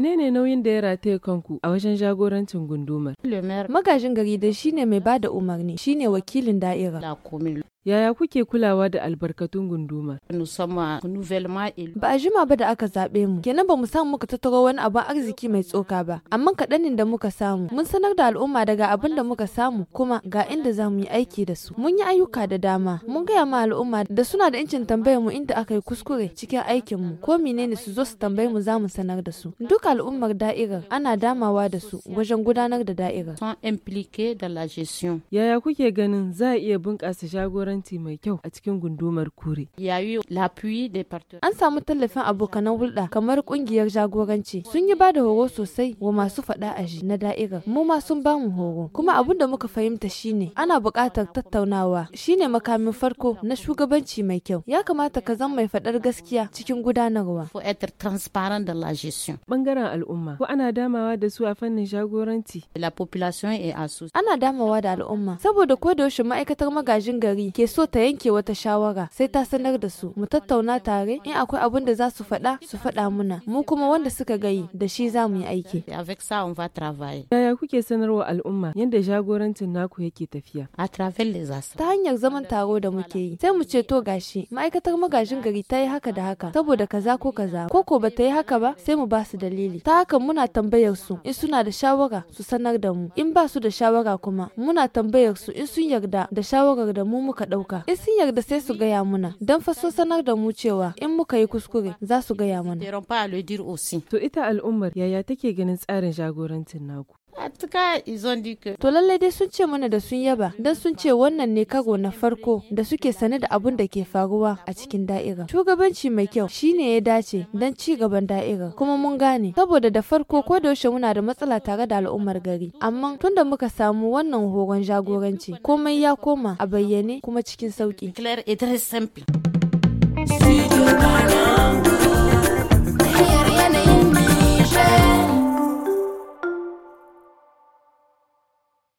menene nauyin da ya rataye kanku a wajen jagorancin gundumar magajin gari da shine mai bada umarni shine wakilin da'ira Yaya kuke kulawa da albarkatun gundumar? Ba a jima ba da aka zaɓe mu, kenan ba mu samu muka tattaro wani abin arziki mai tsoka ba, amma kaɗanin da muka samu, mun sanar da al'umma daga abin da muka samu kuma ga inda za mu yi aiki da su. Mun yi ayyuka da dama, mun gaya ma al'umma da suna da incin tambayar mu inda aka yi kuskure cikin aikin mu, ko menene su zo su tambaye mu za mu sanar da su. Duk al'ummar da'irar ana damawa da su wajen gudanar da da'irar. Yaya kuke ganin za a iya bunƙasa jagoranci jagoranci mai kyau a cikin gundumar kure. An samu tallafin abokanan hulɗa kamar ƙungiyar jagoranci sun yi ba da horo sosai wa masu faɗa a na da'irar. Mu ma sun ba mu horo. Kuma abin da muka fahimta shine ana buƙatar tattaunawa shine makamin farko na shugabanci mai kyau. Ya kamata ka zama mai faɗar gaskiya cikin gudanarwa. Bangaren al'umma ko ana damawa da su a fannin jagoranci. Ana damawa da al'umma saboda ko da yaushe ma'aikatar magajin gari ke so ta yanke wata shawara sai ta sanar da su mu tattauna tare in akwai abin da za su faɗa su faɗa muna mu kuma wanda suka gani da shi za mu yi aiki. Yaya kuke sanarwa al'umma yadda jagorancin naku yake tafiya? A Ta hanyar zaman taro da muke yi sai mu ce to gashi ma'aikatar magajin gari ta yi haka da haka saboda kaza ko kaza ko ko bata yi haka ba sai mu ba su dalili ta haka muna tambayar su in suna da shawara su sanar da mu in ba su da shawara kuma muna tambayar su in sun yarda da shawarar da mu muka ɗauka in sun yarda sai su gaya mana don fa so sanar da mu cewa in muka yi kuskure za su gaya mana to ita al'ummar yaya take ganin tsarin jagorancin naku tuka izon dike. To lallai dai sun ce mana da sun yaba don sun ce wannan ne kago na farko da suke sane da abun da ke faruwa a cikin da'ira. Shugabanci mai kyau shi ne ya dace don ci gaban da'ira kuma mun gane saboda da farko ko da yaushe muna da matsala tare da al'ummar gari amma tunda muka samu wannan horon jagoranci komai ya koma a bayyane kuma cikin sauki. Claire it is simple.